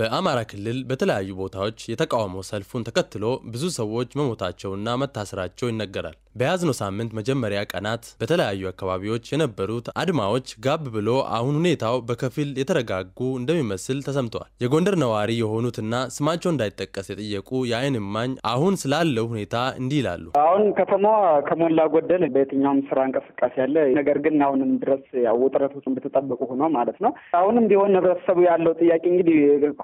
በአማራ ክልል በተለያዩ ቦታዎች የተቃውሞ ሰልፉን ተከትሎ ብዙ ሰዎች መሞታቸውና መታሰራቸው ይነገራል። በያዝነው ሳምንት መጀመሪያ ቀናት በተለያዩ አካባቢዎች የነበሩት አድማዎች ጋብ ብሎ አሁን ሁኔታው በከፊል የተረጋጉ እንደሚመስል ተሰምተዋል። የጎንደር ነዋሪ የሆኑትና ስማቸው እንዳይጠቀስ የጠየቁ የአይን እማኝ አሁን ስላለው ሁኔታ እንዲህ ይላሉ። አሁን ከተማዋ ከሞላ ጎደል በየትኛውም ስራ እንቅስቃሴ ያለ፣ ነገር ግን አሁንም ድረስ ያው ውጥረቶች እንደተጠበቁ ሆኖ ማለት ነው። አሁንም ቢሆን ህብረተሰቡ ያለው ጥያቄ እንግዲህ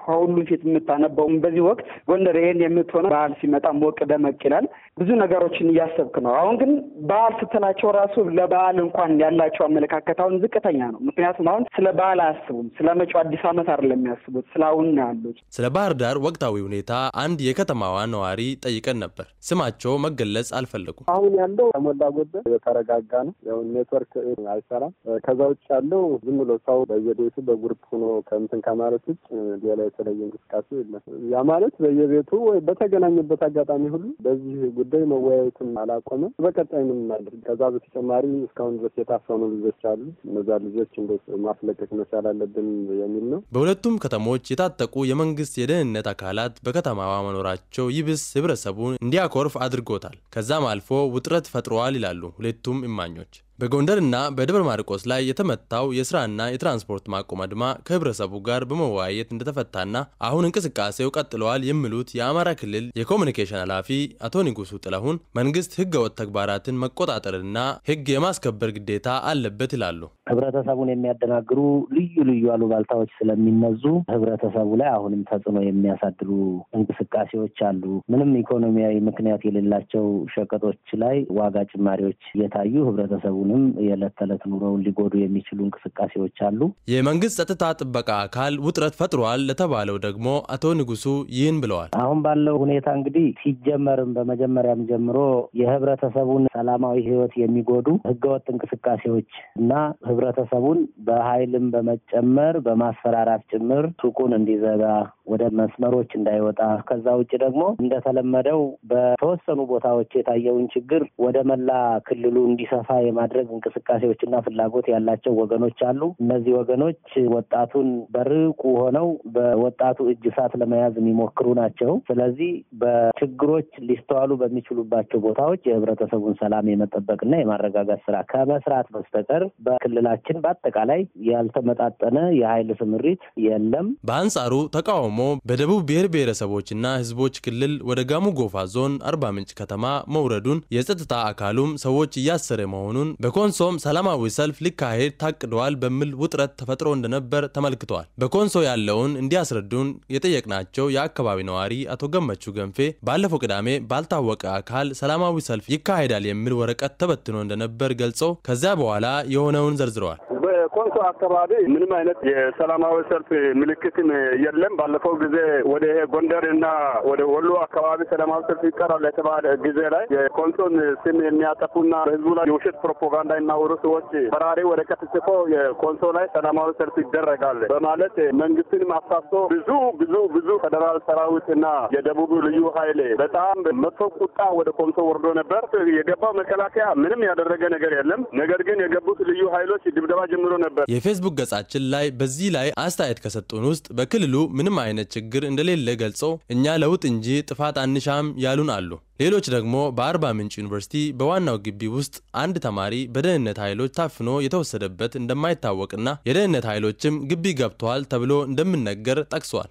ከሁሉም ፊት የምታነበውም በዚህ ወቅት ጎንደር ይሄን የምትሆነ በዓል ሲመጣ ሞቅ ደመቅ ይላል። ብዙ ነገሮችን እያሰብክ ነው። አሁን ግን በዓል ስትላቸው ራሱ ለበዓል እንኳን ያላቸው አመለካከት አሁን ዝቅተኛ ነው። ምክንያቱም አሁን ስለ በዓል አያስቡም። ስለ መጪው አዲስ ዓመት አይደለም የሚያስቡት፣ ስለ አሁን ነው ያሉት። ስለ ባህር ዳር ወቅታዊ ሁኔታ አንድ የከተማዋ ነዋሪ ጠይቀን ነበር። ስማቸው መገለጽ አልፈለጉም። አሁን ያለው ከሞላ ጎደል የተረጋጋ ነው። ያው ኔትወርክ አይሰራም። ከዛ ውጭ ያለው ዝም ብሎ ሰው በየቤቱ በግሩፕ ሆኖ ከምትን ከማለት ውጭ ሌላ የተለየ እንቅስቃሴ የለም። ያ ማለት በየቤቱ ወይ በተገናኘበት አጋጣሚ ሁሉ በዚህ ጉዳይ መወያየትም አላቆምም። በቀጣይ ምን እናድር? ከዛ በተጨማሪ እስካሁን ድረስ የታፈኑ ልጆች አሉ። እነዛ ልጆች እንደ ማስለቀቅ መቻል አለብን የሚል ነው። በሁለቱም ከተሞች የታጠቁ የመንግስት የደህንነት አካላት በከተማዋ መኖራቸው ይብስ ህብረተሰቡን እንዲያኮርፍ አድርጎታል። ከዛም አልፎ ውጥረት ፈጥረዋል ይላሉ ሁለቱም እማኞች። በጎንደርና በደብረ ማርቆስ ላይ የተመታው የስራና የትራንስፖርት ማቆም አድማ ከህብረተሰቡ ጋር በመወያየት እንደተፈታና አሁን እንቅስቃሴው ቀጥለዋል የሚሉት የአማራ ክልል የኮሚኒኬሽን ኃላፊ አቶ ንጉሱ ጥላሁን መንግስት ህገወጥ ተግባራትን መቆጣጠርና ህግ የማስከበር ግዴታ አለበት ይላሉ። ህብረተሰቡን የሚያደናግሩ ልዩ ልዩ አሉባልታዎች ስለሚነዙ ህብረተሰቡ ላይ አሁንም ተጽዕኖ የሚያሳድሩ እንቅስቃሴዎች አሉ። ምንም ኢኮኖሚያዊ ምክንያት የሌላቸው ሸቀጦች ላይ ዋጋ ጭማሪዎች እየታዩ ህብረተሰቡን አሁንም የዕለት ተዕለት ኑሮውን ሊጎዱ የሚችሉ እንቅስቃሴዎች አሉ። የመንግስት ጸጥታ ጥበቃ አካል ውጥረት ፈጥሯል ለተባለው ደግሞ አቶ ንጉሱ ይህን ብለዋል። አሁን ባለው ሁኔታ እንግዲህ ሲጀመርም በመጀመሪያም ጀምሮ የህብረተሰቡን ሰላማዊ ህይወት የሚጎዱ ህገወጥ እንቅስቃሴዎች እና ህብረተሰቡን በኃይልም በመጨመር በማስፈራራት ጭምር ሱቁን እንዲዘጋ ወደ መስመሮች እንዳይወጣ ከዛ ውጭ ደግሞ እንደተለመደው በተወሰኑ ቦታዎች የታየውን ችግር ወደ መላ ክልሉ እንዲሰፋ የማድረግ ለማድረግ እንቅስቃሴዎችና ፍላጎት ያላቸው ወገኖች አሉ። እነዚህ ወገኖች ወጣቱን በርቁ ሆነው በወጣቱ እጅ እሳት ለመያዝ የሚሞክሩ ናቸው። ስለዚህ በችግሮች ሊስተዋሉ በሚችሉባቸው ቦታዎች የህብረተሰቡን ሰላም የመጠበቅና የማረጋጋት ስራ ከመስራት በስተቀር በክልላችን በአጠቃላይ ያልተመጣጠነ የኃይል ስምሪት የለም። በአንጻሩ ተቃውሞ በደቡብ ብሔር ብሔረሰቦችና ህዝቦች ክልል ወደ ጋሙ ጎፋ ዞን አርባ ምንጭ ከተማ መውረዱን የጸጥታ አካሉም ሰዎች እያሰረ መሆኑን በኮንሶም ሰላማዊ ሰልፍ ሊካሄድ ታቅደዋል በሚል ውጥረት ተፈጥሮ እንደነበር ተመልክተዋል። በኮንሶ ያለውን እንዲያስረዱን የጠየቅናቸው የአካባቢ ነዋሪ አቶ ገመቹ ገንፌ ባለፈው ቅዳሜ ባልታወቀ አካል ሰላማዊ ሰልፍ ይካሄዳል የሚል ወረቀት ተበትኖ እንደነበር ገልጸው ከዚያ በኋላ የሆነውን ዘርዝረዋል። ኮንሶ አካባቢ ምንም አይነት የሰላማዊ ሰልፍ ምልክትም የለም። ባለፈው ጊዜ ወደ ጎንደር እና ወደ ወሎ አካባቢ ሰላማዊ ሰልፍ ይቀራል የተባለ ጊዜ ላይ የኮንሶን ስም የሚያጠፉና በህዝቡ ላይ የውሸት ፕሮፓጋንዳ የሚያወሩ ሰዎች በራሪ ወረቀት ጽፎ የኮንሶ ላይ ሰላማዊ ሰልፍ ይደረጋል በማለት መንግስትን ማሳሶ ብዙ ብዙ ብዙ ፌደራል ሰራዊት እና የደቡብ ልዩ ኃይል በጣም መጥፎ ቁጣ ወደ ኮንሶ ወርዶ ነበር። የገባው መከላከያ ምንም ያደረገ ነገር የለም። ነገር ግን የገቡት ልዩ ኃይሎች ድብደባ ጀምሮ ነበር። ነበር። የፌስቡክ ገጻችን ላይ በዚህ ላይ አስተያየት ከሰጡን ውስጥ በክልሉ ምንም አይነት ችግር እንደሌለ ገልጸው እኛ ለውጥ እንጂ ጥፋት አንሻም ያሉን አሉ። ሌሎች ደግሞ በአርባ ምንጭ ዩኒቨርሲቲ በዋናው ግቢ ውስጥ አንድ ተማሪ በደህንነት ኃይሎች ታፍኖ የተወሰደበት እንደማይታወቅና የደህንነት ኃይሎችም ግቢ ገብተዋል ተብሎ እንደሚነገር ጠቅሷል።